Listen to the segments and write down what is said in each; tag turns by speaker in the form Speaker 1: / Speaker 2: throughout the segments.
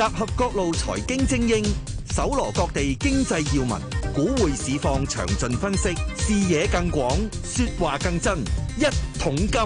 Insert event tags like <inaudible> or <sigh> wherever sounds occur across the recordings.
Speaker 1: 集合各路財經精英，搜羅各地經濟要聞，股匯市況詳盡分析，視野更廣，
Speaker 2: 說話更真。一桶金。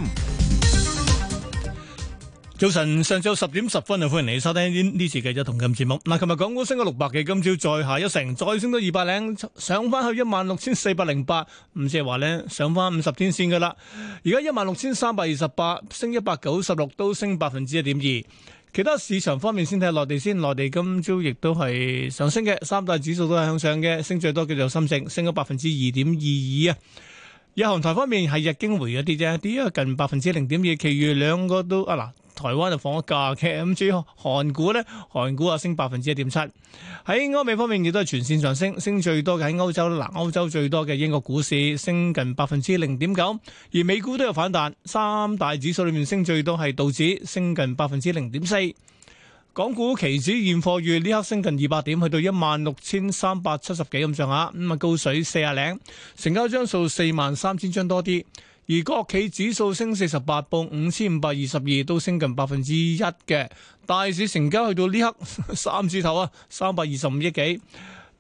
Speaker 2: 早晨，上晝十點十分，就歡迎你收聽呢次嘅《一桶金》節目。嗱，琴日港股升咗六百幾，今朝再下一成，再升到二百零，上翻去一萬六千四百零八，唔即係話咧，上翻五十天線噶啦。而家一萬六千三百二十八，升一百九十六，都升百分之一點二。其他市場方面先睇下內地先，內地今朝亦都係上升嘅，三大指數都係向上嘅，升最多叫做深證，升咗百分之二點二二啊！日韓台方面係日經回咗啲啫，跌咗近百分之零點二，其餘兩個都啊嗱。台灣就放咗假，咁至於韓股咧，韓股啊升百分之一點七。喺歐美方面亦都係全線上升，升最多嘅係歐洲啦，歐洲最多嘅英國股市升近百分之零點九，而美股都有反彈，三大指數裏面升最多係道指，升近百分之零點四。港股期指現貨月呢刻升近二百點，去到一萬六千三百七十幾咁上下，咁啊高水四啊零，成交張數四萬三千張多啲。而國企指數升四十八，報五千五百二十二，都升近百分之一嘅。大市成交去到呢刻三字頭啊，三百二十五億幾。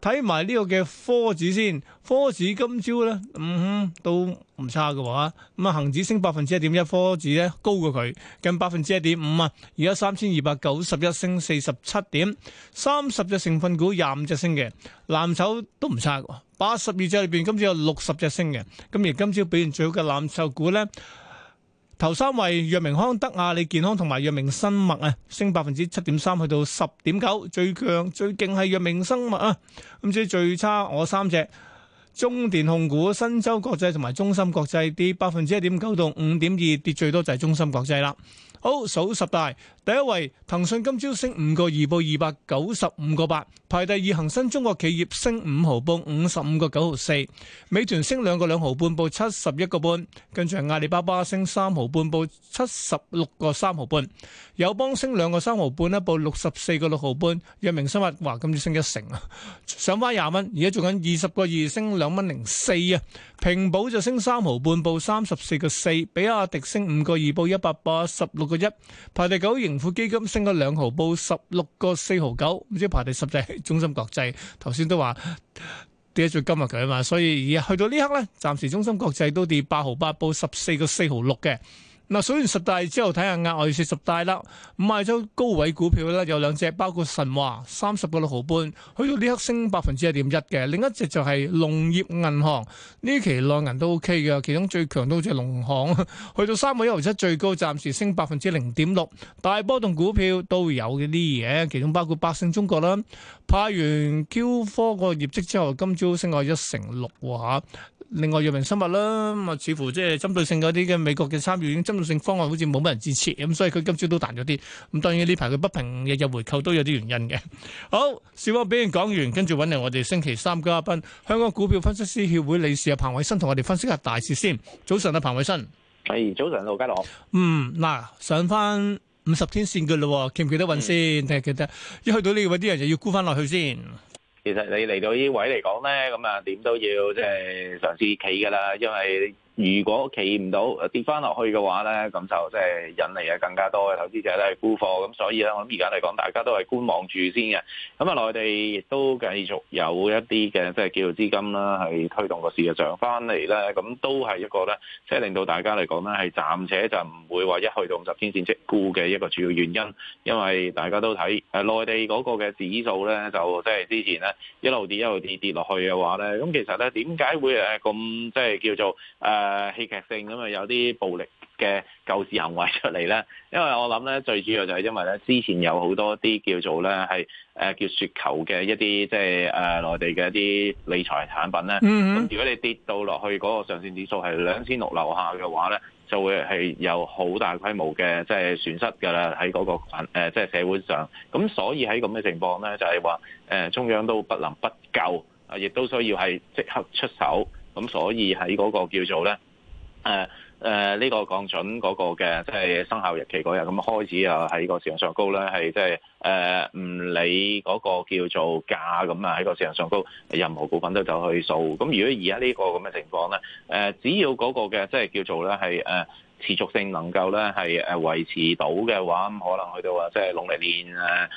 Speaker 2: 睇埋呢個嘅科指先，科指今朝咧，嗯哼，都唔差㗎喎，咁啊恒指升百分之一點一，科指咧高過佢，近百分之一點五啊，而家三千二百九十一升四十七點，三十隻成分股廿五隻升嘅，藍籌都唔差㗎，八十二隻裏邊今朝有六十隻升嘅，咁而今朝表現最好嘅藍籌股咧。頭三位，藥明康德、阿里健康同埋藥明生物啊，升百分之七點三，去到十點九。最強最勁係藥明生物啊，咁最最差我三隻，中電控股、新洲國際同埋中芯國際跌百分之一點九到五點二，跌最多就係中芯國際啦。好，數十大第一位，騰訊今朝升五個二，報二百九十五個八。排第二，恒生中國企業升五毫，報五十五個九毫四。美團升兩個兩毫半，報七十一個半。跟住阿里巴巴升三毫半，報七十六個三毫半。友邦升兩個三毫半，呢報六十四個六毫半。藥明生物話今朝升一成啊，上翻廿蚊，而家做緊二十個二，升兩蚊零四啊。平保就升三毫半，報三十四個四，比亞迪升五個二，報一百八十六。個一，排第九盈富基金升咗兩毫報，報十六個四毫九。唔知排第十就係中心國際，頭先都話跌咗今日佢啊嘛，所以而家去到呢刻呢，暫時中心國際都跌八毫八，報十四個四毫六嘅。嗱，數完十大之後睇下額外四十大啦。賣咗高位股票咧，有兩隻，包括神華三十個六毫半，去到呢刻升百分之一點一嘅。另一隻就係農業銀行，呢期內銀都 O K 嘅，其中最強都好似農行，去到三個一毫七最高，暫時升百分之零點六。大波動股票都有嘅啲嘢，其中包括百勝中國啦，派完 Q 4個業績之後，今朝升過一成六喎。另外藥明生物啦，咁啊似乎即係針對性嗰啲嘅美國嘅參與，已經針對性方案好似冇乜人支持，咁所以佢今朝都彈咗啲。咁當然呢排佢不平日日回購都有啲原因嘅。好，小波俾人講完，跟住揾嚟我哋星期三嘉賓，香港股票分析師協會理事啊彭偉新，同我哋分析一下大事先。早上啊，彭偉新，
Speaker 3: 係早晨老，家樂。
Speaker 2: 嗯，嗱，上翻五十天線嘅咯，記唔記得搵先？第、嗯、記，記得。一去到呢位，啲人又要沽翻落去先。
Speaker 3: 其實你嚟到呢位嚟講咧，咁啊點都要即係嘗試企噶啦，因為。如果企唔到跌翻落去嘅話咧，咁就即係引嚟啊更加多嘅投資者咧沽貨。咁所以咧，我諗而家嚟講，大家都係觀望住先嘅。咁啊，內地亦都繼續有一啲嘅即係叫做資金啦，係推動個市場上翻嚟咧。咁都係一個咧，即係令到大家嚟講咧，係暫且就唔會話一去到五十天線即沽嘅一個主要原因。因為大家都睇誒內地嗰個嘅指數咧，就即係之前咧一路跌一路跌跌落去嘅話咧，咁其實咧點解會誒咁即係叫做誒，誒戲劇性咁啊，有啲暴力嘅救市行為出嚟咧，因為我諗咧，最主要就係因為咧，之前有好多啲叫做咧係叫雪球嘅一啲即係誒、呃、內地嘅一啲理財產品咧。咁、mm hmm. 如果你跌到落去嗰、那個上線指數係兩千六樓下嘅話咧，就會係有好大規模嘅即係損失㗎啦，喺嗰、那個、呃、即係社會上。咁所以喺咁嘅情況咧，就係、是、話、呃、中央都不能不救，亦都需要係即刻出手。咁所以喺嗰個叫做咧，誒誒呢個降準嗰個嘅，即係生效日期嗰日，咁開始啊喺個市場上高咧，係即係誒唔理嗰個叫做價咁啊，喺個市場上高任何股份都走去掃。咁如果而家呢個咁嘅情況咧，誒只要嗰個嘅即係叫做咧係誒持續性能夠咧係誒維持到嘅話，咁可能去到啊即係農曆年誒。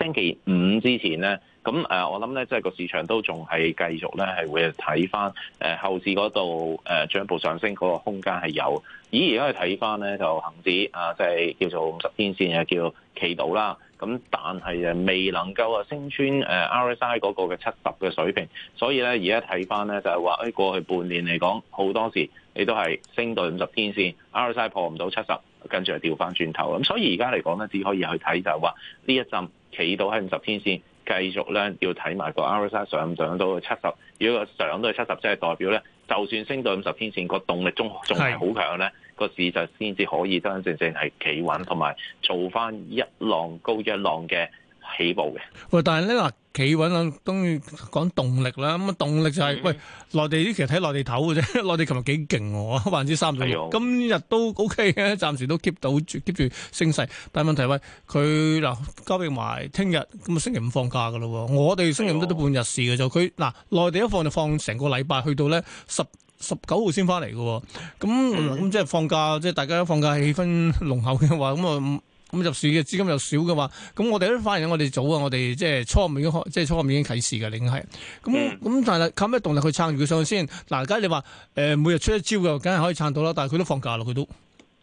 Speaker 3: 星期五之前咧，咁誒，我諗咧，即係個市場都仲係繼續咧，係會睇翻誒後市嗰度誒進一步上升嗰個空間係有。咦，而家去睇翻咧，就恒指啊，即係叫做五十天線又叫企度啦。咁但係誒未能夠啊升穿誒 RSI 嗰個嘅七十嘅水平。所以咧，而家睇翻咧，就係話誒過去半年嚟講，好多時你都係升到五十天線，RSI 破唔到七十，跟住又調翻轉頭。咁所以而家嚟講咧，只可以去睇就係話呢一陣。企到喺五十天線，繼續咧要睇埋個 RSI 上唔上到七十，如果佢上到去七十，即係代表咧，就算升到五十天線，個動力仲仲係好強咧，是的 個市就先至可以真真正正係企穩，同埋做翻一浪高一浪嘅。起步
Speaker 2: 嘅，喂！但係咧，嗱，企穩啦，當然講動力啦。咁啊，動力就係、是嗯、喂，內地啲其實睇內地頭嘅啫。內地琴日幾勁喎，百分之三十。哎、呦今日都 O K 嘅，暫時都 keep 到住，keep 住升勢。但係問題喂，佢嗱，交俾埋聽日咁啊，星期五放假噶咯。我哋星期五都咗半日市嘅啫。佢嗱、哎呦，內、呃、地一放就放成個禮拜，去到咧十十九號先翻嚟嘅。咁咁、嗯、即係放假，即係大家放假氣氛濃厚嘅話，咁啊。咁入市嘅資金又少嘅話，咁我哋都反而我哋早啊，我哋即係初五已經開，即係初五已經啟示嘅，已經係咁咁。嗯、但係靠咩動力去撐住佢上去先？嗱，而家你話誒每日出一招嘅，梗係可以撐到啦。但係佢都放假咯，佢都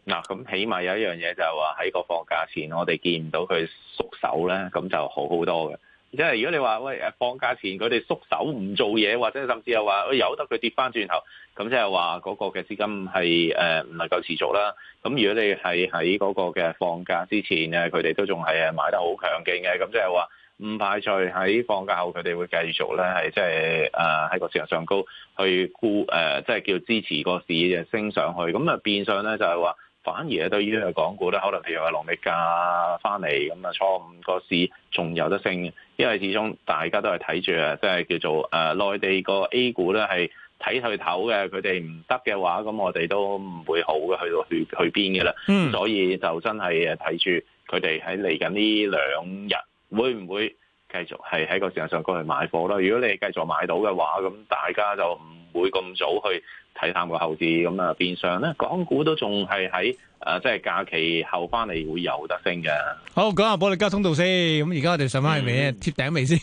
Speaker 3: 嗱咁，起碼有一樣嘢就係話喺個放假前，我哋見唔到佢熟手咧，咁就好好多嘅。即係如果你話喂放假前佢哋縮手唔做嘢，或者甚至又話誒由得佢跌翻轉頭，咁即係話嗰個嘅資金係誒唔能夠持續啦。咁如果你係喺嗰個嘅放假之前佢哋都仲係誒買得好強勁嘅，咁即係話唔排除喺放假後佢哋會繼續咧係即係誒喺個市上上高去固，呃、即係叫支持個市嘅升上去。咁啊變相咧就係話。反而咧，對於呢個港股咧，可能譬如話農曆假翻嚟咁啊，初五個市仲有得升，因為始終大家都係睇住啊，即係叫做誒、呃、內地個 A 股咧係睇佢頭嘅，佢哋唔得嘅話，咁我哋都唔會好嘅，去到去去邊嘅啦。嗯，所以就真係睇住佢哋喺嚟緊呢兩日會唔會繼續係喺個時間上過去買貨啦。如果你繼續買到嘅話，咁大家就唔會咁早去睇探個後市咁啊。變相咧，港股都仲係喺誒，即、呃、係、即係、假期後翻嚟會有得升嘅。
Speaker 2: 好，講下保力加通道先。咁而家我哋上翻去未啊？嗯、貼頂未先？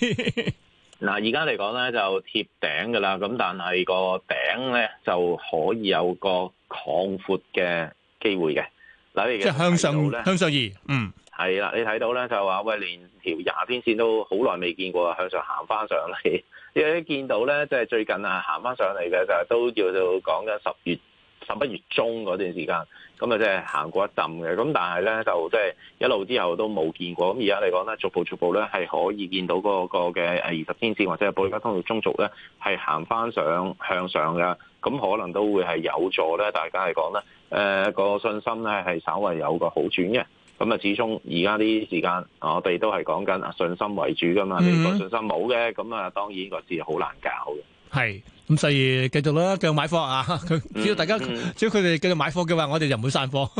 Speaker 3: 嗱， <laughs> 而家嚟講咧就貼頂㗎啦。咁但係個頂咧就可以有個擴闊嘅機會嘅。即係向
Speaker 2: 上向上移，嗯。
Speaker 3: 係啦，你睇到咧就話，喂，連條廿天線都好耐未見過啊，向上行翻上嚟。因為見到咧，即係最近啊，行翻上嚟嘅就都叫做講緊十月、十一月中嗰段時間，咁啊即係行過一陣嘅。咁但係咧就即係一路之後都冇見過。咁而家嚟講咧，逐步逐步咧係可以見到嗰個嘅二十天線或者保歷加通道中軸咧係行翻上向上嘅。咁可能都會係有助咧，大家嚟講咧，呃個信心咧係稍為有個好轉嘅。咁啊，始終而家啲時間，我哋都係講緊信心為主噶嘛。你個信心冇嘅，咁啊，當然個事好難搞嘅。
Speaker 2: 係。咁所以繼續啦，繼續買貨啊！佢只要大家、嗯嗯、只要佢哋繼續買貨嘅話，我哋就唔會散貨。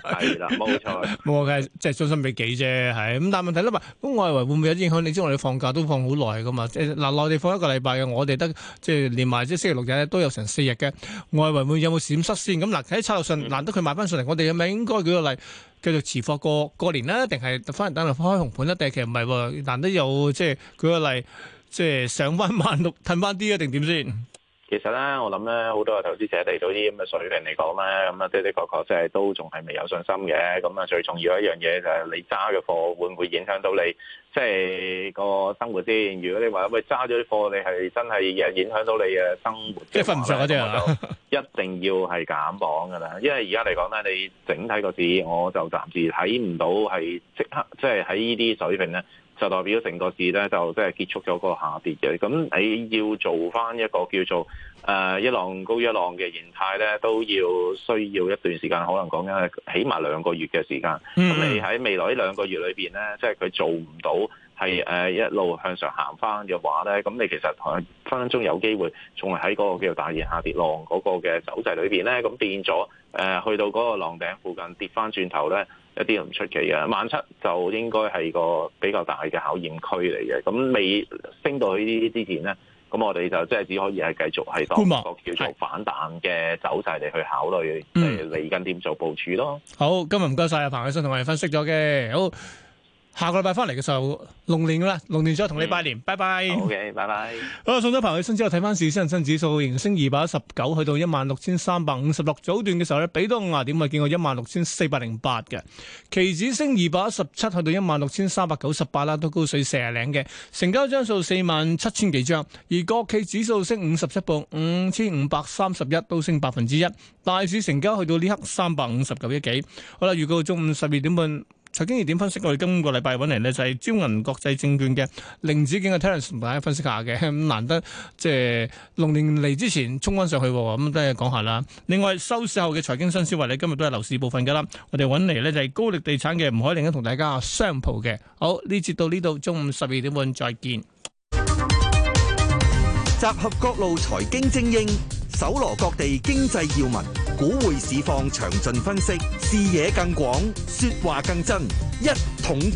Speaker 2: 係 <laughs> 啦，冇錯，冇即係信心自己啫，係。咁但係問題啦咁外圍會唔會有影響？你知我哋放假都放好耐噶嘛？即係嗱，內地放一個禮拜嘅，我哋得即係連埋即星期六日都有成四日嘅。外圍會,會有冇閃失先？咁嗱喺策略上，難得佢買翻上嚟，我哋係咪應該舉個例繼續持貨過過年啦？定係翻嚟等開紅盤咧？定係其實唔係，難得有即係舉個例，即係上翻萬六，褪翻啲啊？定點先？
Speaker 3: 其實咧，我諗咧，好多個投資者嚟到啲咁嘅水平嚟講咧，咁啊的的確確即係都仲係未有信心嘅。咁啊，最重要一樣嘢就係你揸嘅貨會唔會影響到你即係個生活先？如果你話喂揸咗啲貨，你係真係影響到你嘅生活，即係瞓唔着嗰啲啊，一定要係減磅㗎啦。因為而家嚟講咧，你整體個市，我就暫時睇唔到係即刻即係喺呢啲水平咧，就代表成個市咧，就即係結束咗個下跌嘅。咁你要做翻一個叫做誒一浪高一浪嘅形態咧，都要需要一段時間，可能講緊起碼兩個月嘅時間。咁你喺未來呢兩個月裏邊咧，即係佢做唔到係誒一路向上行翻嘅話咧，咁你其實係分分鐘有機會仲係喺嗰個叫做大市下跌浪嗰個嘅走勢裏邊咧，咁變咗誒去到嗰個浪頂附近跌翻轉頭咧。一啲唔出奇嘅，萬七就應該係個比較大嘅考驗區嚟嘅。咁未升到去呢啲之前咧，咁我哋就真係只可以係繼續係當個叫做反彈嘅走勢嚟 Good. 去考慮嚟緊點做部署咯。
Speaker 2: 好，今日唔該晒阿彭偉信同我哋分析咗嘅。好。下個禮拜翻嚟嘅時候，龍年啦，龍年再同你拜年，拜拜。好嘅，拜拜。好，送咗朋友嘅心之後，睇翻市，恒生指數升升二百一十九，去到一萬六千三百五十六，早段嘅時候咧，比到五啊點啊，見過一萬六千四百零八嘅，期指升二百一十七，去到一萬六千三百九十八啦，都高水四啊零嘅。成交張數四萬七千幾張，而國企指數升五十七報五千五百三十一，31，都升百分之一。大市成交去到呢刻三百五十九億幾。好啦，預告中午十二點半。財經熱點分析，我哋今個禮拜揾嚟咧就係招銀國際證券嘅凌子景嘅 Talent 同大家分析下嘅，咁難得即係龍年嚟之前沖翻上去，咁都係講下啦。另外收市後嘅財經新思維咧，今日都係樓市部分噶啦。我哋揾嚟咧就係高力地產嘅吳海玲咧同大家 sample 嘅。好，呢節到呢度中午十二點半再見。
Speaker 1: 集合各路財經精英，搜羅各地經濟要聞。
Speaker 2: 股匯市況詳盡分析，視野更廣，說話更真。一桶金，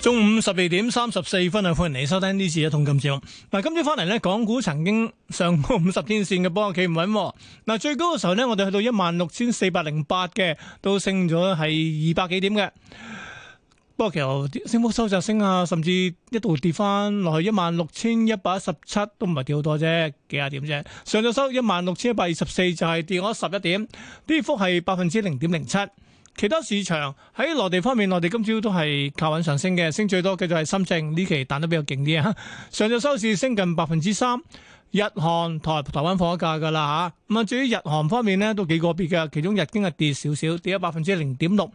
Speaker 2: 中午十二點三十四分啊，歡迎你收聽呢次一桶金節目。嗱，今朝翻嚟呢，港股曾經上過五十天線嘅，波，企唔穩。嗱，最高嘅時候呢，我哋去到一萬六千四百零八嘅，都升咗係二百幾點嘅。不過其實升幅收窄，升下甚至一度跌翻落去一萬六千一百一十七，都唔係跌好多啫，幾下點啫。上晝收一萬六千一百二十四，就係跌咗十一點，跌幅係百分之零點零七。其他市場喺內地方面，內地今朝都係靠穩上升嘅，升最多嘅就係深圳，呢期彈得比較勁啲啊。上晝收市升近百分之三。日韓台，台灣放咗假噶啦吓，咁啊至於日韓方面呢，都幾個別嘅，其中日經係跌少少，跌咗百分之零點六。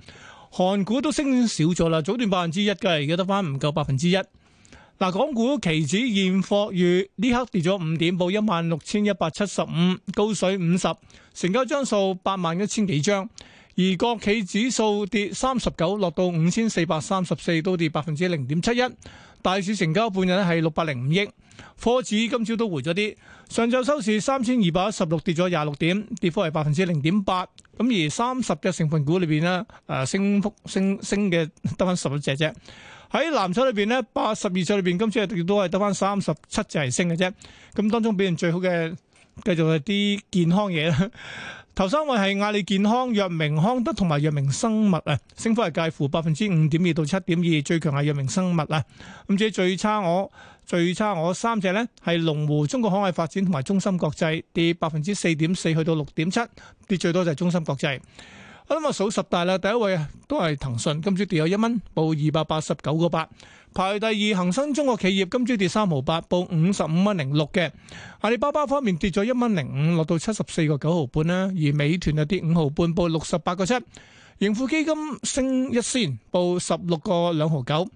Speaker 2: 韓股都升少咗啦，早段百分之一嘅，而家得返唔夠百分之一。嗱，港股期指現貨月呢刻跌咗五點，報一萬六千一百七十五，高水五十，成交張數八萬一千幾張。而國企指數跌三十九，落到五千四百三十四，都跌百分之零點七一。大市成交半日係六百零五億。科指今朝都回咗啲，上晝收市三千二百一十六，跌咗廿六點，跌幅係百分之零點八。咁而三十嘅成分股裏邊咧，誒，升幅升升嘅得翻十隻啫。喺藍籌裏邊咧，八十二隻裏邊，今次係亦都係得翻三十七隻係升嘅啫。咁當中表現最好嘅，繼續係啲健康嘢啦。頭三位係阿里健康、藥明康德同埋藥明生物啊，升幅係介乎百分之五點二到七點二，最強係藥明生物啊。咁即係最差我。最差我三隻呢係龍湖、中國海外發展同埋中芯國際跌百分之四點四，去到六點七，跌最多就係中芯國際。我諗啊數十大啦，第一位都係騰訊，今朝跌有一蚊，報二百八十九個八。排第二恒生中國企業，今朝跌三毫八，報五十五蚊零六嘅。阿里巴巴方面跌咗一蚊零五，落到七十四個九毫半啦。而美團啊跌五毫半，報六十八個七。盈富基金升一仙，報十六個兩毫九。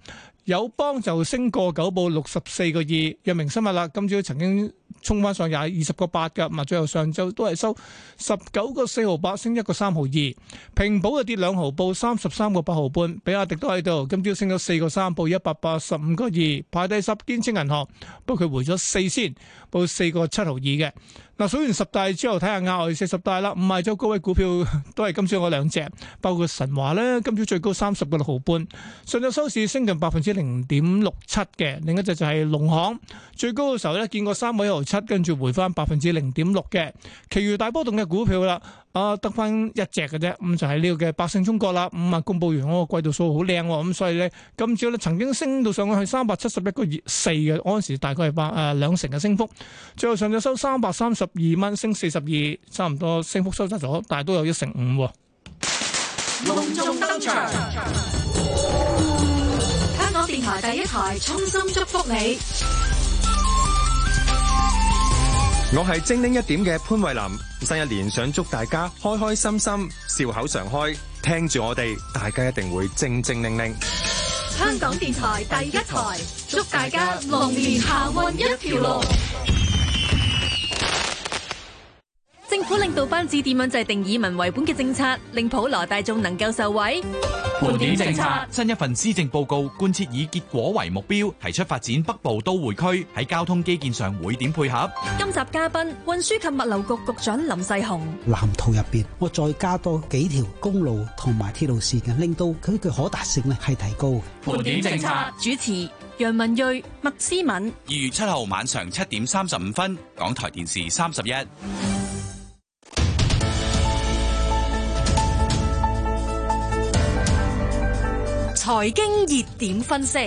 Speaker 2: 友邦就升過九步，六十四個二，藥明生物啦，今朝曾經。沖翻上廿二十個八嘅，咁啊最後上晝都係收十九個四毫八，升一個三毫二。平保啊跌兩毫，報三十三個八毫半，比亞迪都喺度。今朝升咗四個三，報一百八十五個二。排第十，建設銀行，不過佢回咗四仙，報四個七毫二嘅。嗱，數完十大之後，睇下亞外四十大啦。五日周高位股票都係今朝嗰兩隻，包括神華咧，今朝最高三十個六毫半，上日收市升近百分之零點六七嘅。另一隻就係農行，最高嘅時候咧，見過三位。七，跟住回翻百分之零點六嘅，其餘大波動嘅股票啦，啊得翻一隻嘅啫，咁、嗯、就係呢個嘅百勝中國啦，五、嗯、啊公布完我個季度數好靚、哦，咁、嗯、所以呢，今朝呢曾經升到上去係三百七十一個二四嘅，嗰陣時大概係百誒兩成嘅升幅，最後上咗收三百三十二蚊，升四十二，差唔多升幅收窄咗，但係都有一成五、哦。隆重登場，
Speaker 1: 香港電台第一台衷心祝福你。我係精靈一點嘅潘慧琳，新一年想祝大家開開心心、笑口常開，聽住我哋，大家一定會精精靈靈。
Speaker 3: 香港電台第一台，祝大家龍年行運一條龍。政府領導班子點樣制定以民為本嘅政策，令普羅大眾能夠受惠？盤點政策，政策新一份施政報告貫徹以結果為目標，提出發展北部都會區喺交通基建上會點配合？今集嘉賓運輸及物流局局長林世雄，
Speaker 1: 藍圖入邊我再加多幾條公路同埋鐵路線嘅，令到佢嘅可達性咧係提高。盤點政策,點政策
Speaker 3: 主持楊文睿、麥思敏，
Speaker 1: 二月七號晚上七點三十五分，港台電視三十一。
Speaker 2: 財經熱點分析，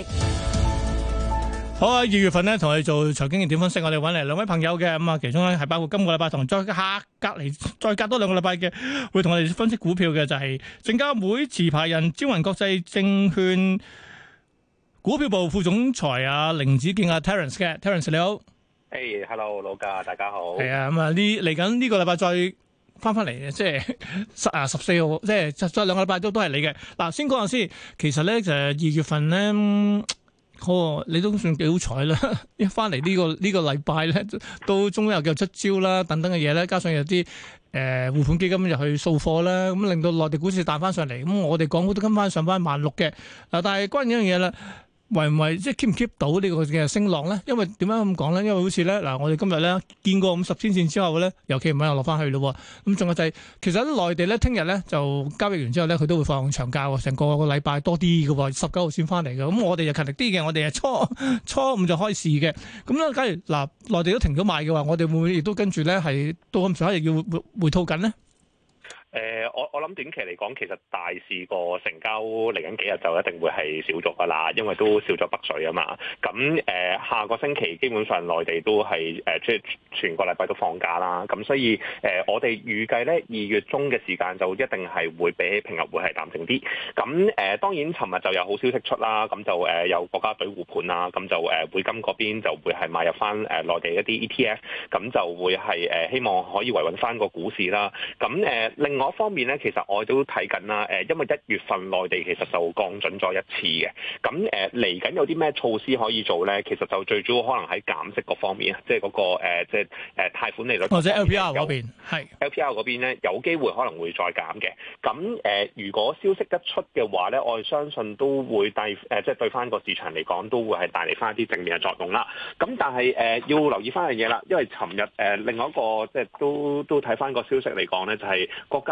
Speaker 2: 好啊！二月份咧，同我哋做財經熱點分析，我哋揾嚟兩位朋友嘅咁啊，其中咧係包括今個禮拜同再下隔籬再隔多兩個禮拜嘅，會同我哋分析股票嘅就係證監會持牌人招銀國際證券股票部副總裁啊，凌子健啊 Terence 嘅 Terence 你好，
Speaker 1: 誒、hey,，Hello 老家，大家好，係啊，咁
Speaker 2: 啊，呢嚟緊呢個禮拜再。翻翻嚟嘅，即係十啊十四號，即係再兩個禮拜都都係你嘅。嗱，先講下先。其實咧就二月份咧，好、哦，你都算幾好彩啦。一翻嚟呢個呢個禮拜咧，到中尾又叫出招啦，等等嘅嘢咧，加上有啲誒護盤基金入去掃貨啦，咁令到內地股市彈翻上嚟。咁我哋港股都跟翻上翻萬六嘅。嗱，但係關於一樣嘢啦。為唔為即係 keep 唔 keep 到個聲、呢個嘅聲浪咧？因為點解咁講咧？因為好似咧嗱，我哋今日咧見過五十天線之後咧，尤其唔係又落翻去咯。咁仲有就係，其實喺內地咧，聽日咧就交易完之後咧，佢都會放長假，成個個禮拜多啲嘅。十九號先翻嚟嘅，咁我哋就勤力啲嘅，我哋係初初五就開市嘅。咁呢，假如嗱內地都停咗賣嘅話，我哋會唔會亦都跟住咧係到咁上下要回回吐緊咧？
Speaker 1: 呃、我我諗短期嚟講，其實大市個成交嚟緊幾日就一定會係少咗噶啦，因為都少咗北水啊嘛。咁、呃、下個星期基本上內地都係，即係全個禮拜都放假啦。咁所以、呃、我哋預計咧二月中嘅時間就一定係會比平日會係淡靜啲。咁、呃、當然尋日就有好消息出啦。咁就、呃、有國家隊護盤啦。咁就,、呃、就會匯金嗰邊就會係買入翻內地一啲 ETF，咁就會係希望可以維穩翻個股市啦。咁、呃、另外。嗰方面咧，其實我哋都睇緊啦。誒，因為一月份內地其實就降準咗一次嘅，咁誒嚟緊有啲咩措施可以做咧？其實就最主要可能喺減息嗰方面，即係嗰、那個、呃、即係誒貸款利率，或者
Speaker 2: LPR 嗰邊
Speaker 1: ，LPR 嗰邊咧有機是會可能會再減嘅。咁誒、呃，如果消息一出嘅話咧，我哋相信都會帶誒、呃，即係對翻個市場嚟講都會係帶嚟翻啲正面嘅作用啦。咁但係誒、呃、要留意翻樣嘢啦，因為尋日誒、呃、另外一個即係都都睇翻個消息嚟講咧，就係、是、國家。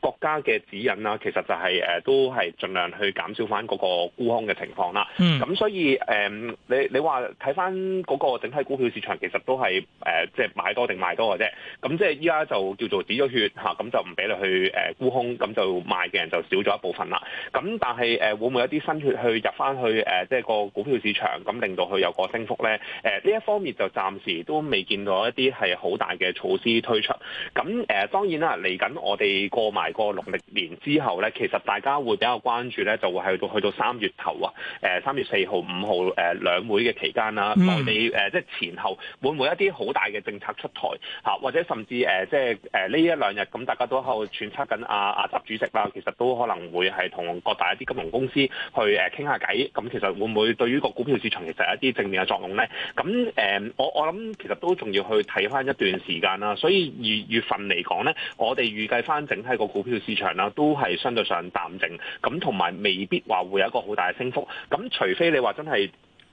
Speaker 1: 國家嘅指引啦、啊，其實就係、是、都係盡量去減少翻嗰個沽空嘅情況啦。咁、嗯、所以誒、嗯，你你話睇翻嗰個整體股票市場，其實都係即係買多定賣多嘅啫。咁即係依家就叫做止咗血吓，咁、啊、就唔俾你去沽空，咁就賣嘅人就少咗一部分啦。咁但係誒、呃、會唔會有啲新血去入翻去即係、呃就是、個股票市場，咁令到佢有個升幅咧？誒、呃、呢一方面就暫時都未見到一啲係好大嘅措施推出。咁誒、呃、當然啦，嚟緊我哋過埋過農曆年之後咧，其實大家會比較關注咧，就會係到去到三月頭啊，誒三月四號、五號誒兩會嘅期間啦，我哋誒即係前後會唔會一啲好大嘅政策出台吓，或者甚至誒即係誒呢一兩日咁，大家都喺度揣測緊阿阿習主席啦，其實都可能會係同各大一啲金融公司去誒傾下偈，咁其實會唔會對於個股票市場有其實係一啲正面嘅作用咧？咁誒，我我諗其實都仲要去睇翻一段時間啦，所以二月份嚟講咧，我哋預計翻整體個股票市場啦，都係相對上淡靜咁，同埋未必話會有一個好大嘅升幅。咁除非你話真係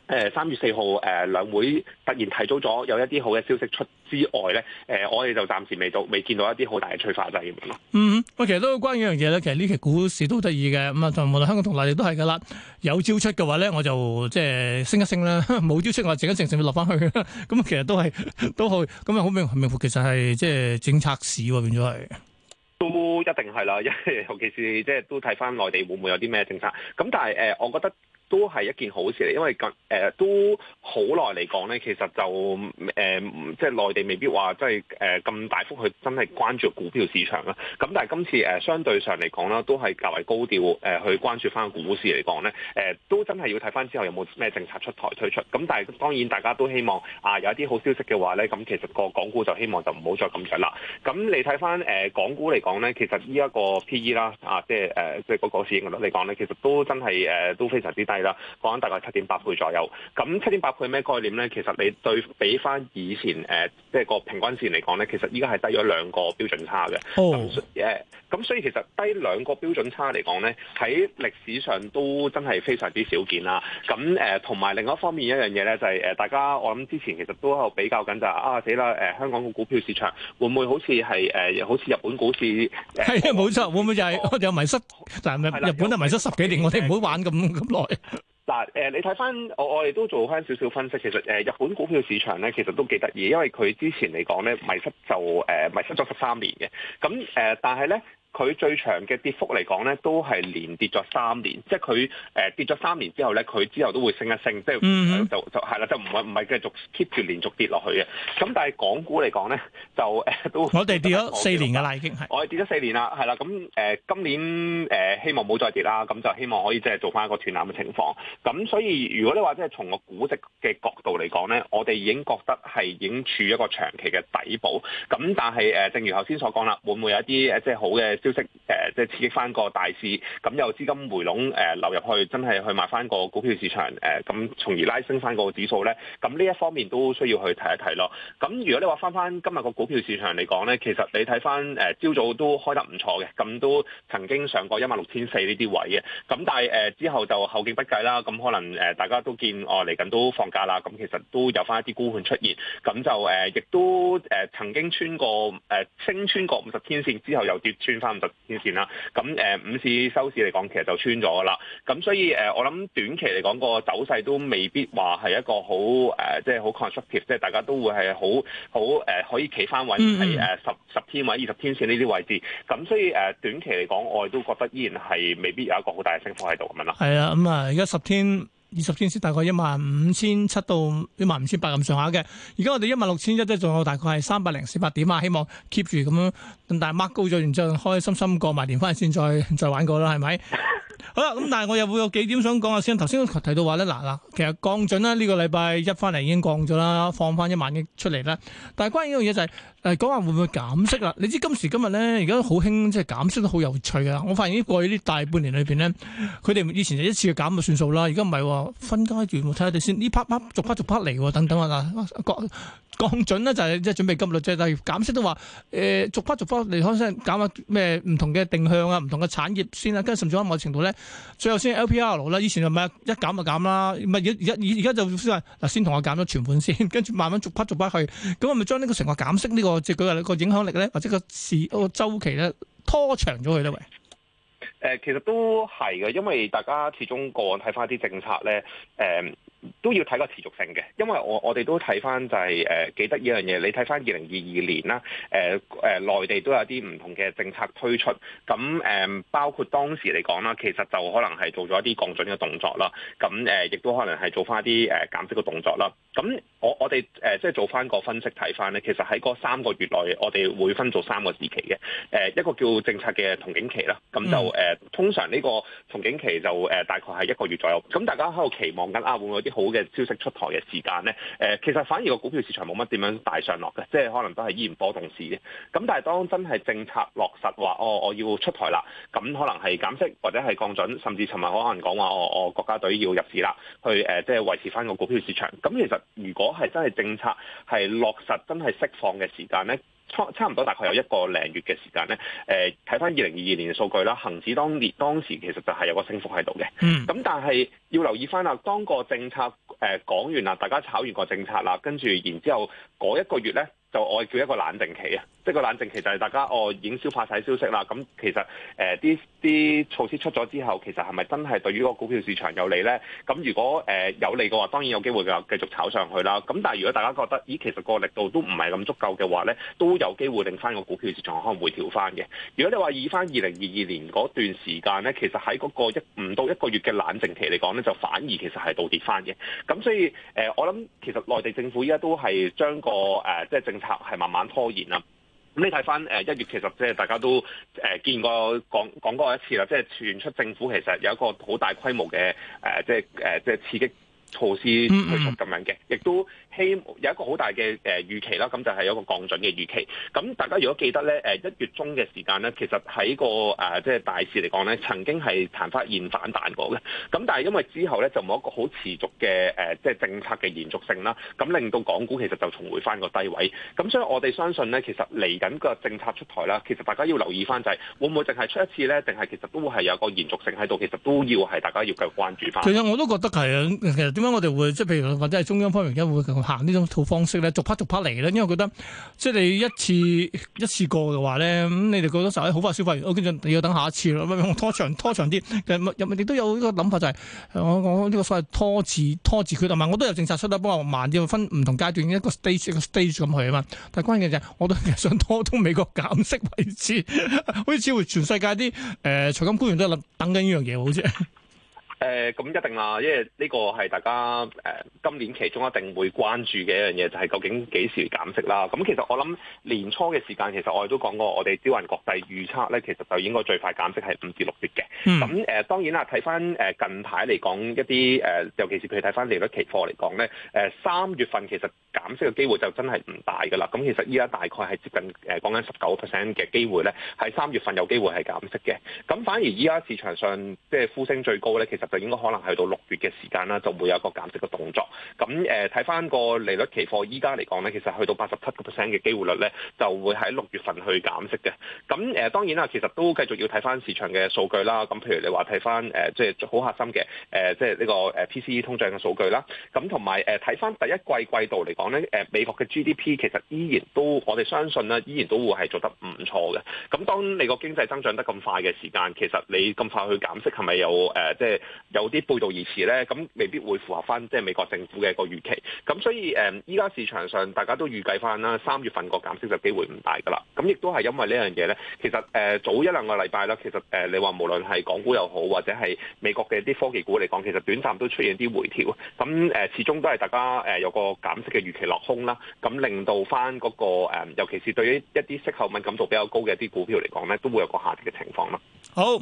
Speaker 1: 誒三月四號誒兩會突然提早咗，有一啲好嘅消息出之外咧，誒我哋就暫時未到，未見到一啲好大嘅催化劑咯。
Speaker 2: 嗯，喂，其實都關於一樣嘢咧，其實呢期股市都得意嘅。咁啊，無論香港同內地都係噶啦，有招出嘅話咧，我就即係升一升啦；冇招出，我整一整就要落翻去。咁其實都係都好。咁啊，好明明白其實係即係政策市變咗係。
Speaker 1: 都一定係啦，因為尤其是即係都睇翻內地會唔會有啲咩政策。咁但係誒、呃，我覺得。都係一件好事嚟，因為咁誒、呃、都好耐嚟講咧，其實就誒、呃、即係內地未必話即係誒咁大幅去真係關注股票市場啦。咁但係今次誒、呃、相對上嚟講啦，都係較為高調誒、呃、去關注翻股市嚟講咧。誒、呃、都真係要睇翻之後有冇咩政策出台推出。咁但係當然大家都希望啊有一啲好消息嘅話咧，咁其實個港股就希望就唔好再咁上啦。咁你睇翻誒港股嚟講咧，其實呢一個 P E 啦、啊，啊即係誒、呃、即係嗰個市盈率嚟講咧，其實都真係誒、呃、都非常之大。係啦，講緊大概七點八倍左右。咁七點八倍咩概念咧？其實你對比翻以前誒、呃，即係個平均線嚟講咧，其實依家係低咗兩個標準差嘅。哦、
Speaker 3: oh。
Speaker 1: 誒，咁所以其實低兩個標準差嚟講咧，喺歷史上都真係非常之少見啦。咁誒，同、呃、埋另一方面一樣嘢咧，就係誒，大家我諗之前其實都喺度比較緊就係、是、啊，死啦！誒、呃，香港嘅股票市場會唔會好似係誒，好似日本股市？係
Speaker 2: 冇的、呃、錯，會唔會就係有迷失？但係、嗯、日本都迷失十幾年，的我哋唔會玩咁咁耐。的
Speaker 1: 啊，誒、呃，你睇翻我，我哋都做翻少少分析，其實誒、呃、日本股票市場咧，其實都幾得意，因為佢之前嚟講咧，迷失就誒、呃、迷失咗十三年嘅，咁誒、呃，但係咧。佢最長嘅跌幅嚟講咧，都係連跌咗三年，即係佢誒跌咗三年之後咧，佢之後都會升一升，即係就就係啦，就唔係唔係繼續 keep 住連續跌落去嘅。咁但係港股嚟講咧，就誒、呃、都我哋跌咗四年㗎啦，已經，我哋跌咗四年啦，係啦的，咁誒、呃、今年誒、呃、希望冇再跌啦，咁就希望可以即係做翻一個斷纜嘅情況。咁所以如果你話即係從個估值嘅角度嚟講咧，我哋已經覺得係已經處於一個長期嘅底部。咁但係誒、呃，正如頭先所講啦，會唔會有一啲誒即係好嘅消息誒，即係刺激翻個大市，咁有資金回籠誒流入去，真係去買翻個股票市場誒，咁從而拉升翻個指數咧。咁呢一方面都需要去睇一睇咯。咁如果你話翻翻今日個股票市場嚟講咧，其實你睇翻誒朝早都開得唔錯嘅，咁都曾經上過一萬六千四呢啲位嘅。咁但係誒之後就後勁不繼啦，咁可能誒大家都見我嚟緊都放假啦，咁其實都有翻一啲沽盤出現，咁就誒亦都誒曾經穿過誒升穿過五十天線之後又跌穿翻。五十天線啦，咁誒五市收市嚟講，其實就穿咗噶啦，咁所以誒我諗短期嚟講個走勢都未必話係一個好誒即係好 constructive，即係大家都會係好好誒可以企翻位，係誒十十天或者二十天線呢啲位置，咁所以誒短期嚟講，我哋都覺得依然係未必有一個好大嘅升幅喺度咁樣啦。
Speaker 2: 係啊，咁啊，而家十天，二十天先大概一萬五千七到一萬五千八咁上下嘅，而家我哋一萬六千一，即係仲有大概係三百零四百點啊，希望 keep 住咁樣，但係 k 高咗然之後，開開心心過埋年翻先，再再玩過啦，係咪？ <laughs> 好啦，咁但係我又會有幾點想講下先。頭先都提到話咧，嗱嗱，其實降準咧呢個禮拜一翻嚟已經降咗啦，放翻一萬億出嚟啦。但係關於呢樣嘢就係、是、誒，講下會唔會減息啦？你知今時今日咧，而家好興即係減息都好有趣噶啦。我發現啲過去呢大半年裏邊咧，佢哋以前就一次嘅減就算數啦，而家唔係，分階段睇下哋先。呢 part part 逐 part 逐 part 嚟，等等啊嗱。降準咧就係即係準備金率即係減息都話誒、呃、逐批逐批嚟開始減下咩唔同嘅定向啊、唔同嘅產業先啊，跟住甚至喺某程度咧，最後先係 LPR 啦。以前係咪一減就減啦？唔係而而而家就先話嗱，先同我減咗存款先，跟住慢慢逐批逐批去，咁我咪將呢個成個減息呢個即佢個個影響力咧，或者個市、個週期咧拖長咗佢咧？喂，誒，
Speaker 1: 其實都係嘅，因為大家始終個案睇翻啲政策咧，誒、呃。都要睇個持續性嘅，因為我我哋都睇翻就係、是、誒、呃、記得呢樣嘢，你睇翻二零二二年啦，內、呃呃、地都有啲唔同嘅政策推出，咁、呃、包括當時嚟講啦，其實就可能係做咗一啲降準嘅動作啦，咁亦、呃、都可能係做翻一啲減息嘅動作啦。咁我我哋、呃、即係做翻個分析睇翻咧，其實喺嗰三個月內，我哋會分做三個時期嘅、呃，一個叫政策嘅同景期啦，咁就、呃、通常呢個同景期就、呃、大概係一個月左右，咁大家喺度期望緊啊會唔會啲好嘅消息出台嘅時間呢，誒，其實反而個股票市場冇乜點樣大上落嘅，即係可能都係依然波動市嘅。咁但係當真係政策落實話，哦，我要出台啦，咁可能係減息或者係降準，甚至尋日可能講話，我、哦、我國家隊要入市啦，去，誒即係維持翻個股票市場。咁其實如果係真係政策係落實真係釋放嘅時間呢。差差唔多大概有一個零月嘅時間咧，誒睇翻二零二二年嘅數據啦，恆指當年當時其實就係有個升幅喺度嘅，咁、嗯、但係要留意翻啦，當個政策誒講完啦，大家炒完個政策啦，跟住然之後嗰一個月咧，就我叫一個冷靜期啊。即係個冷靜期就係大家哦，已經消化曬消息啦。咁其實誒啲啲措施出咗之後，其實係咪真係對於個股票市場有利咧？咁如果誒、呃、有利嘅話，當然有機會㗎，繼續炒上去啦。咁但係如果大家覺得咦，其實個力度都唔係咁足夠嘅話咧，都有機會令翻個股票市場可能會調翻嘅。如果你話以翻二零二二年嗰段時間咧，其實喺嗰個一唔到一個月嘅冷靜期嚟講咧，就反而其實係倒跌翻嘅。咁所以、呃、我諗其實內地政府依家都係將個誒即係政策係慢慢拖延啦。咁你睇翻誒一月，其實即係大家都誒見過講,講過一次啦，即係傳出政府其實有一個好大規模嘅誒、呃，即係即係、呃、刺激措施其實咁樣嘅，亦都。希望有一個好大嘅誒預期啦，咁就係有一個降準嘅預期。咁大家如果記得咧，誒一月中嘅時間咧，其實喺個誒即係大市嚟講咧，曾經係談翻現反彈過嘅。咁但係因為之後咧，就冇一個好持續嘅誒即係政策嘅延續性啦，咁令到港股其實就重回翻個低位。咁所以我哋相信咧，其實嚟緊個政策出台啦，其實大家要留意翻就係會唔會淨係出一次咧，定係其實都會係有個延續性喺度。其實都要係大家要繼續關注翻。其
Speaker 2: 實我都覺得係啊。其實點解我哋會即係譬如或者係中央方面會咁？行呢種套方式咧，逐批逐批嚟啦。因為我覺得即係你一次一次過嘅話咧，咁你哋覺得實係好快消費完，我跟住要等下一次咯，不如我拖長拖長啲。其實亦都有呢個諗法就係，我我呢個所謂拖字拖字佢同埋，我都有政策出得比較慢啲，分唔同階段一個 stage 一個 stage 咁去啊嘛。但係關鍵就係，我都想拖到美國減息為止，好似似乎全世界啲誒、呃、財金官員都係等緊呢樣嘢，好似。
Speaker 1: 誒咁、嗯、一定啦，因為呢個係大家誒、呃、今年其中一定會關注嘅一樣嘢，就係、是、究竟幾時減息啦。咁、嗯嗯、其實我諗年初嘅時間，其實我哋都講過，我哋招銀國際預測咧，其實就應該最快減息係五至六月嘅。咁誒、呃、當然啦，睇翻近排嚟講一啲誒、呃，尤其是譬如睇翻利率期貨嚟講咧，誒、呃、三月份其實減息嘅機會就真係唔大㗎啦。咁、嗯、其實依家大概係接近誒講緊十九 percent 嘅機會咧，係三月份有機會係減息嘅。咁反而依家市場上即係呼聲最高咧，其實、就。是應該可能去到六月嘅時間啦，就會有一個減息嘅動作。咁誒，睇翻個利率期貨，依家嚟講咧，其實去到八十七個 percent 嘅機會率咧，就會喺六月份去減息嘅。咁誒、呃，當然啦，其實都繼續要睇翻市場嘅數據啦。咁譬如你話睇翻誒，即係好核心嘅誒，即係呢個誒 PCE 通脹嘅數據啦。咁同埋誒睇翻第一季季度嚟講咧，誒、呃、美國嘅 GDP 其實依然都，我哋相信咧，依然都會係做得唔錯嘅。咁當你個經濟增長得咁快嘅時間，其實你咁快去減息係咪有誒即係？呃即係有啲背道而馳咧，咁未必會符合翻即係美國政府嘅個預期，咁所以誒，依、嗯、家市場上大家都預計翻啦，三月份個減息就機會唔大㗎啦。咁亦都係因為呢樣嘢咧，其實誒、嗯、早一兩個禮拜啦，其實誒、嗯、你話無論係港股又好，或者係美國嘅啲科技股嚟講，其實短暫都出現啲回調，咁誒、嗯、始終都係大家誒有個減息嘅預期落空啦，咁令到翻、那、嗰個、嗯、尤其是對於一啲息後敏感度比較高嘅啲股票嚟講咧，都會有個下跌嘅情況啦。
Speaker 2: 好，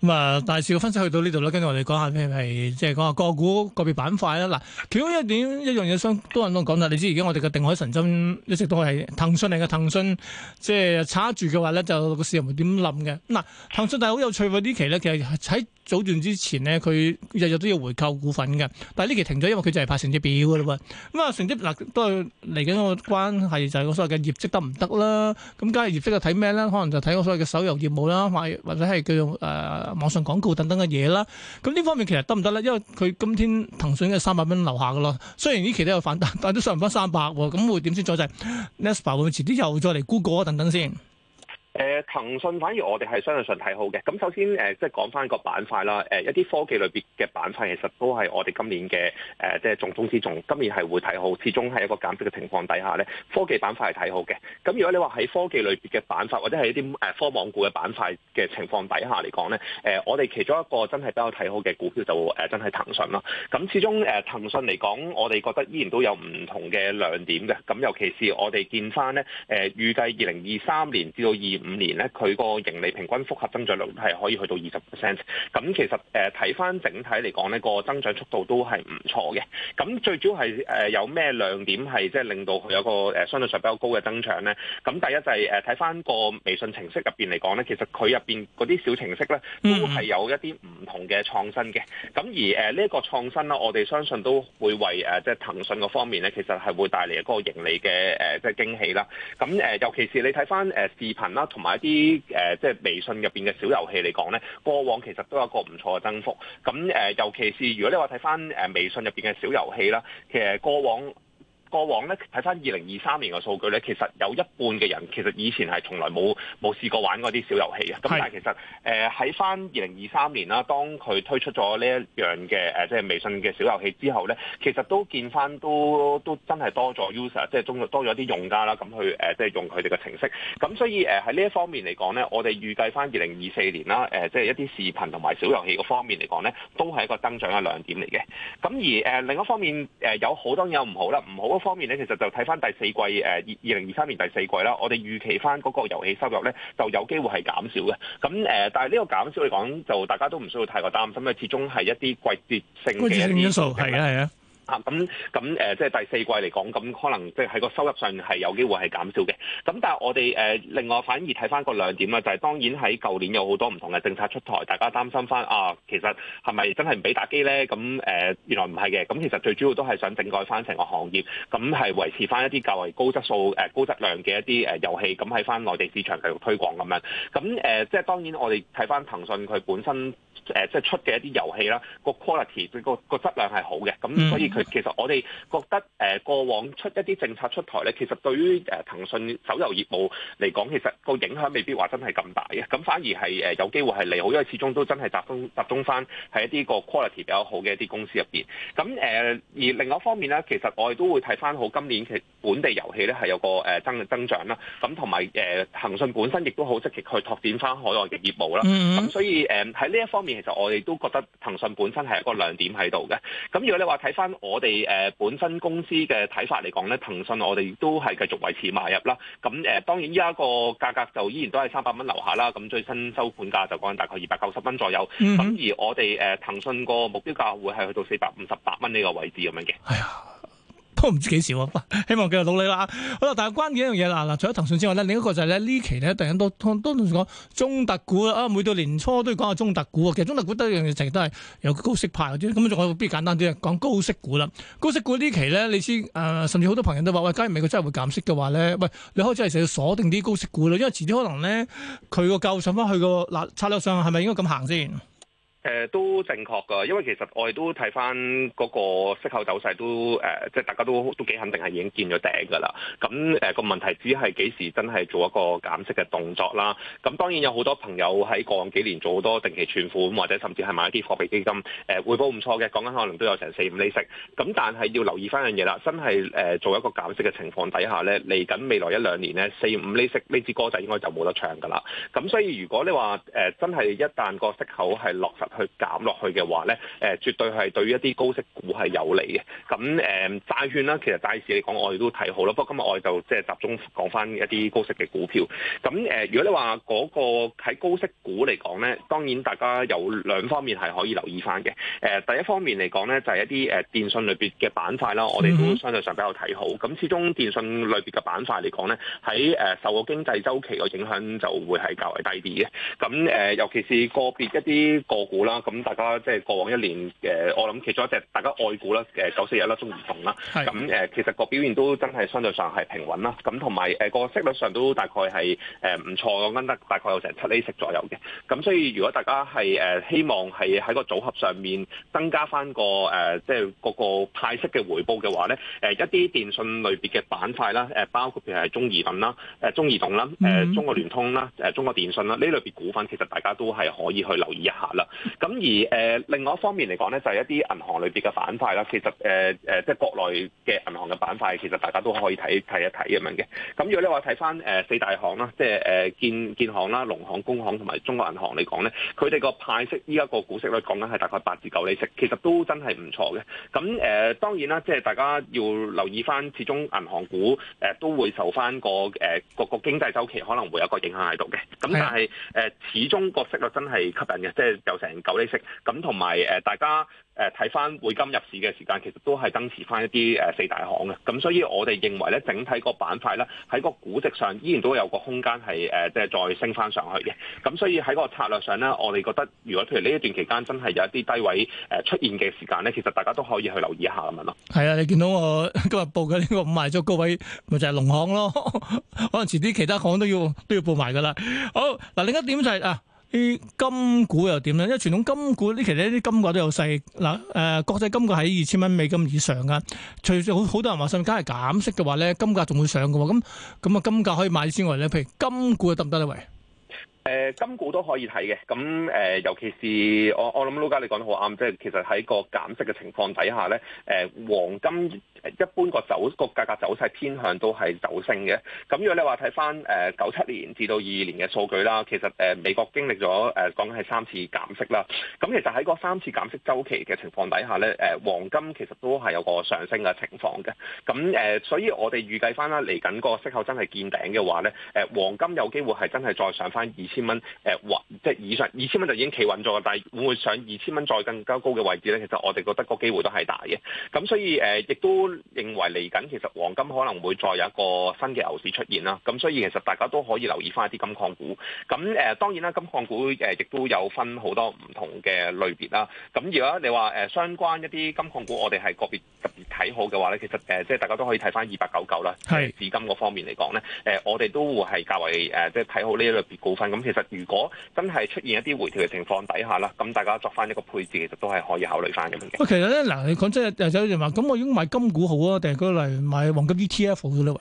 Speaker 2: 咁啊大市嘅分析去到呢度啦，跟住我哋講即係講下個股個別板塊啦。嗱，其中一點一樣嘢，都多人都講啦。你知而家我哋嘅定海神針一直都係騰訊嚟嘅，騰訊即係差住嘅話咧，就個、是、市又唔會點冧嘅。嗱，騰訊但係好有趣喎，呢期咧，其實喺早段之前呢，佢日日都要回購股份嘅。但係呢期停咗，因為佢就係拍成績表嘅啦噃。咁啊，成績嗱、呃、都係嚟緊個關係，就係、是、我所謂嘅業績得唔得啦。咁梗係業績就睇咩咧？可能就睇我所謂嘅手遊業務啦，或者係叫做誒、呃、網上廣告等等嘅嘢啦。咁呢？方面其實得唔得咧？因為佢今天騰訊嘅三百蚊樓下噶咯，雖然呢期都有反彈，但係都上唔翻三百喎。咁會點先再制？Nasba 會唔會遲啲又再嚟 Google 啊？等等先。
Speaker 1: 誒、呃、騰訊反而我哋係相信上睇好嘅，咁首先即係講翻個板塊啦，呃、一啲科技類別嘅板塊其實都係我哋今年嘅、呃、即係重中之重，今年係會睇好，始終係一個減息嘅情況底下咧，科技板塊係睇好嘅。咁如果你話喺科技類別嘅板塊或者係一啲科網股嘅板塊嘅情況底下嚟講咧，我哋其中一個真係比較睇好嘅股票就誒、是呃、真係騰訊啦。咁始終誒、呃、騰訊嚟講，我哋覺得依然都有唔同嘅亮點嘅。咁尤其是我哋見翻咧，預計二零二三年至到二五年咧，佢個盈利平均複合增長率係可以去到二十 percent。咁其實誒睇翻整體嚟講呢個增長速度都係唔錯嘅。咁最主要係誒、呃、有咩亮點係即係令到佢有個誒相對上比較高嘅增長咧？咁第一就係誒睇翻個微信程式入邊嚟講咧，其實佢入邊嗰啲小程式咧都係有一啲唔同嘅創新嘅。咁而誒呢一個創新啦，我哋相信都會為誒即係騰訊嗰方面咧，其實係會帶嚟一個盈利嘅誒即係驚喜啦。咁誒、呃、尤其是你睇翻誒視頻啦。同埋一啲誒、呃，即係微信入邊嘅小遊戲嚟講咧，過往其實都有個唔錯嘅增幅。咁誒、呃，尤其是如果你話睇翻誒微信入邊嘅小遊戲啦，其實過往。過往咧睇翻二零二三年嘅數據咧，其實有一半嘅人其實以前係從來冇冇試過玩嗰啲小遊戲嘅。咁是但係其實誒喺翻二零二三年啦，當佢推出咗呢一樣嘅誒、呃、即係微信嘅小遊戲之後咧，其實都見翻都都真係多咗 user，即係多咗多啲用家啦，咁去誒、呃、即係用佢哋嘅程式。咁所以誒喺呢一方面嚟講咧，我哋預計翻二零二四年啦，誒、呃、即係一啲視頻同埋小遊戲嘅方面嚟講咧，都係一個增長嘅亮點嚟嘅。咁而誒、呃、另一方面誒、呃、有好多嘢有唔好啦，唔好。方面咧，其實就睇翻第四季誒二二零二三年第四季啦，我哋預期翻嗰個遊戲收入咧就有機會係減少嘅。咁、呃、但係呢個減少嚟講，就大家都唔需要太過擔心，因為始終係一啲季節性嘅因素，係啊係啊。啊，咁咁即係第四季嚟講，咁可能即係喺個收入上係有機會係減少嘅。咁但係我哋誒另外反而睇翻個兩點啦，就係當然喺舊年有好多唔同嘅政策出台，大家擔心翻啊，其實係咪真係唔俾打機咧？咁誒原來唔係嘅。咁其實最主要都係想整改翻成個行業，咁係維持翻一啲較為高質素、高質量嘅一啲誒遊戲，咁喺翻內地市場繼續推廣咁樣。咁即係當然我哋睇翻騰訊佢本身即係出嘅一啲遊戲啦，個 quality 個個質量係好嘅，咁所以。其實我哋覺得誒過往出一啲政策出台咧，其實對於誒騰訊手遊業務嚟講，其實個影響未必話真係咁大嘅，咁反而係誒有機會係利好，因為始終都真係集中集中翻喺一啲個 quality 比較好嘅一啲公司入面。咁誒而另外一方面咧，其實我哋都會睇翻好今年其本地遊戲咧係有個誒增增長啦，咁同埋誒騰訊本身亦都好積極去拓展翻海外嘅業務啦。咁所以誒喺呢一方面，其實我哋都，都覺得騰訊本身係一個亮點喺度嘅。咁如果你話睇翻，我哋誒本身公司嘅睇法嚟講，咧，騰訊我哋亦都係繼續維持買入啦。咁誒當然依家個價格就依然都係三百蚊樓下啦。咁最新收盤價就講緊大概二百九十蚊左右。咁、嗯、哼而我哋誒騰訊個目標價會係去到四百五十八蚊呢個位置咁樣嘅。係啊。
Speaker 2: 我唔知幾時喎、啊，希望繼續努力啦。好啦，但係關鍵一樣嘢啦，嗱，除咗騰訊之外咧，另一個就係咧呢期咧，突然都都同講講中特股啊，每到年初都要講下中特股。其實中特股都一樣嘢成日都係有高息派嗰啲，咁仲我邊簡單啲講高息股啦。高息股呢期咧，你知，誒、呃，甚至好多朋友都話喂，假如美國真係會減息嘅話咧，喂，你可以真係要鎖定啲高息股啦，因為遲啲可能咧佢個價上翻去個策略上係咪應該咁行先？
Speaker 1: 誒、呃、都正確㗎，因為其實我哋都睇翻嗰個息口走勢都誒、呃，即係大家都都幾肯定係已經見咗頂㗎啦。咁個、呃、問題只係幾時真係做一個減息嘅動作啦？咁當然有好多朋友喺過往幾年做好多定期存款或者甚至係買一啲貨幣基金，誒、呃、回報唔錯嘅，講緊可能都有成四五厘息。咁但係要留意翻樣嘢啦，真係、呃、做一個減息嘅情況底下咧，嚟緊未來一兩年咧，四五厘息呢支歌仔應該就冇得唱㗎啦。咁所以如果你話、呃、真係一旦個息口係落實，去減落去嘅話咧，誒、呃、絕對係對於一啲高息股係有利嘅。咁誒債券啦，其實債市嚟講我哋都睇好啦。不過今日我哋就即係集中講翻一啲高息嘅股票。咁誒、呃，如果你話嗰個喺高息股嚟講咧，當然大家有兩方面係可以留意翻嘅。誒、呃、第一方面嚟講咧，就係、是、一啲誒電信裏邊嘅板塊啦，我哋都相對上比較睇好。咁始終電信裏邊嘅板塊嚟講咧，喺誒、呃、受個經濟周期嘅影響就會係較為低啲嘅。咁誒、呃，尤其是個別一啲個股。啦，咁大家即係過往一年嘅，我諗其中一隻大家愛股啦，誒九四一啦，中移動啦，咁誒其實個表現都真係相對上係平穩啦，咁同埋誒個息率上都大概係誒唔錯，我覺得大概有成七厘息左右嘅，咁所以如果大家係誒希望係喺個組合上面增加翻個誒即係嗰個派息嘅回報嘅話咧，誒一啲電信類別嘅板塊啦，誒包括譬如係中移動啦、誒中移動啦、誒中國聯通啦、誒中國電信啦，呢類別股份其實大家都係可以去留意一下啦。咁而誒、呃、另外一方面嚟講咧，就係、是、一啲銀行裏面嘅板塊啦。其實誒、呃呃、即係國內嘅銀行嘅板塊，其實大家都可以睇睇一睇咁樣嘅。咁如果你話睇翻四大行啦，即係建建行啦、農行、工行同埋中國銀行嚟講咧，佢哋個派息依家、這個股息率講緊係大概八至九厘息，其實都真係唔錯嘅。咁、嗯、誒、呃、當然啦，即係大家要留意翻，始終銀行股、呃、都會受翻、那個誒個個經濟周期可能會有一個影響喺度嘅。咁但係的、呃、始終個息率真係吸引嘅，即係有成。息咁，同埋大家睇翻匯金入市嘅時間，其實都係增持翻一啲四大行嘅。咁所以我哋認為咧，整體個板塊咧，喺個估值上依然都有個空間係即係再升翻上去嘅。咁所以喺個策略上咧，我哋覺得如果譬如呢一段期間真係有一啲低位出現嘅時間咧，其實大家都可以去留意一下咁樣咯。
Speaker 2: 係啊，你見到我今日報嘅呢個五萬足高位，咪就係、是、農行咯。可能遲啲其他行都要都要報埋噶啦。好嗱，另一點就係、是、啊。啊啲金股又點咧？因為傳統金股呢，其實呢啲金價都有細嗱。誒、呃，國際金價喺二千蚊美金以上噶。隨住好好多人話，甚至加係減息嘅話咧，金價仲會上嘅喎。咁咁啊，金價可以買之外咧，譬如金股又得唔得咧？喂？
Speaker 1: 誒金股都可以睇嘅，咁誒尤其是我我諗老家你講得好啱，即係其實喺個減息嘅情況底下咧，誒黃金一般個走個價格走勢偏向都係走升嘅。咁如果你話睇翻誒九七年至到二二年嘅數據啦，其實誒美國經歷咗誒講緊係三次減息啦，咁其實喺個三次減息周期嘅情況底下咧，誒黃金其實都係有個上升嘅情況嘅。咁誒所以我哋預計翻啦，嚟緊個息口真係見頂嘅話咧，誒黃金有機會係真係再上翻二千蚊誒穩，即係以上二千蚊就已經企穩咗。但係會唔會上二千蚊再更加高嘅位置咧？其實我哋覺得個機會都係大嘅。咁所以誒，亦都認為嚟緊其實黃金可能會再有一個新嘅牛市出現啦。咁所以其實大家都可以留意返一啲金礦股。咁誒當然啦，金礦股誒亦都有分好多唔同嘅類別啦。咁如果你話誒相關一啲金礦股，我哋係個別特別。睇好嘅話咧，其實誒、呃，即係大家都可以睇翻二八九九啦。係是，紫金嗰方面嚟講咧，誒、呃，我哋都會係較為誒、呃，即係睇好呢一類股份。咁其實如果真係出現一啲回調嘅情況底下啦，咁大家作翻一個配置，其實都係可以考慮翻咁樣嘅。不
Speaker 2: 過其實咧，嗱，你講即係就有人話，咁我應該買金股好啊，定係嗰嚟買黃金 ETF 好咧？喂？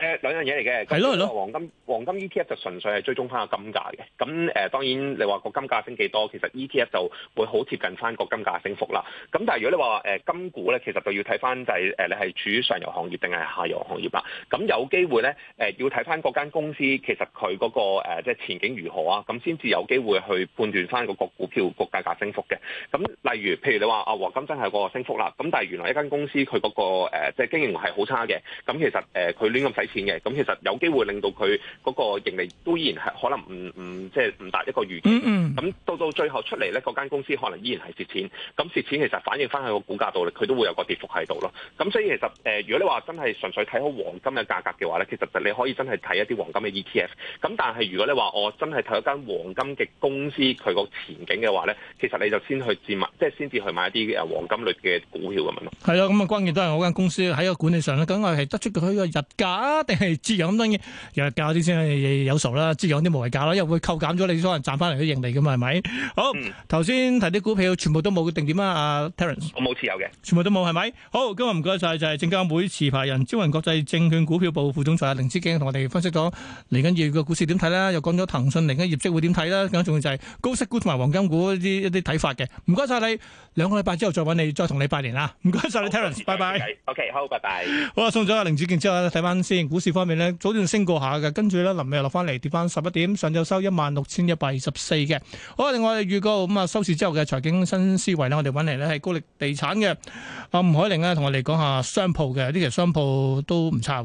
Speaker 1: 誒兩樣嘢嚟嘅，咁，係咯係咯，黃金黃金 ETF 就純粹係追蹤翻個金價嘅，咁誒、呃，當然你話個金價升幾多，其實 ETF 就會好貼近翻個金價升幅啦。咁但係如果你話誒金股咧，其實就要睇翻就係誒你係處於上游行業定係下游行業啦。咁有機會咧誒、呃，要睇翻嗰間公司其實佢嗰個即係前景如何啊，咁先至有機會去判斷翻嗰個股票個價格升幅嘅。咁例如譬如你話啊黃金真係個升幅啦，咁但係原來一間公司佢嗰，嗰個，呃、即係經營係好差嘅，咁其實誒佢亂咁使。嘅咁，其實有機會令到佢嗰個盈利都依然係可能唔唔即係唔達一個預期。咁到、mm hmm. 到最後出嚟咧，嗰間公司可能依然係蝕錢。咁蝕錢其實反映翻喺個股價度佢都會有個跌幅喺度咯。咁所以其實誒、呃，如果你話真係純粹睇好黃金嘅價格嘅話咧，其實就你可以真係睇一啲黃金嘅 ETF。咁但係如果你話我真係睇一間黃金嘅公司佢個前景嘅話咧，其實你就先去佔買，即係先至去買一啲誒黃金類嘅股票咁樣咯。
Speaker 2: 係啊，咁啊關鍵都係我間公司喺個管理上咧，梗係係得出佢個日價一定係折讓，咁當然入價啲先有數啦，折讓啲冇入價啦，因為會扣減咗你可能賺翻嚟嘅盈利噶嘛，係咪？好，頭先、嗯、提啲股票，全部都冇定點啦，阿、uh, Terence，我冇持有嘅，全部都冇係咪？好，今日唔該晒，就係證監會持牌人招銀國際證券股票部副總裁林思敬同我哋分析咗嚟緊要嘅股市點睇啦，又講咗騰訊嚟緊業績會點睇啦，更加重要就係高息股同埋黃金股一啲一啲睇法嘅，唔該晒你。兩個禮拜之後再搵你，再同你拜年啦。唔該晒你，Terence。拜拜。OK，好，拜拜。好啊，送咗阿凌子健之後睇翻先。股市方面咧，早段升過下嘅，跟住咧，臨尾又落翻嚟，跌翻十一點。上晝收一萬六千一百二十四嘅。好，另外我哋預告咁啊、嗯，收市之後嘅財經新思維咧，我哋搵嚟咧係高力地產嘅阿吳海玲咧，同、嗯、我哋講下商鋪嘅。呢期商鋪都唔差。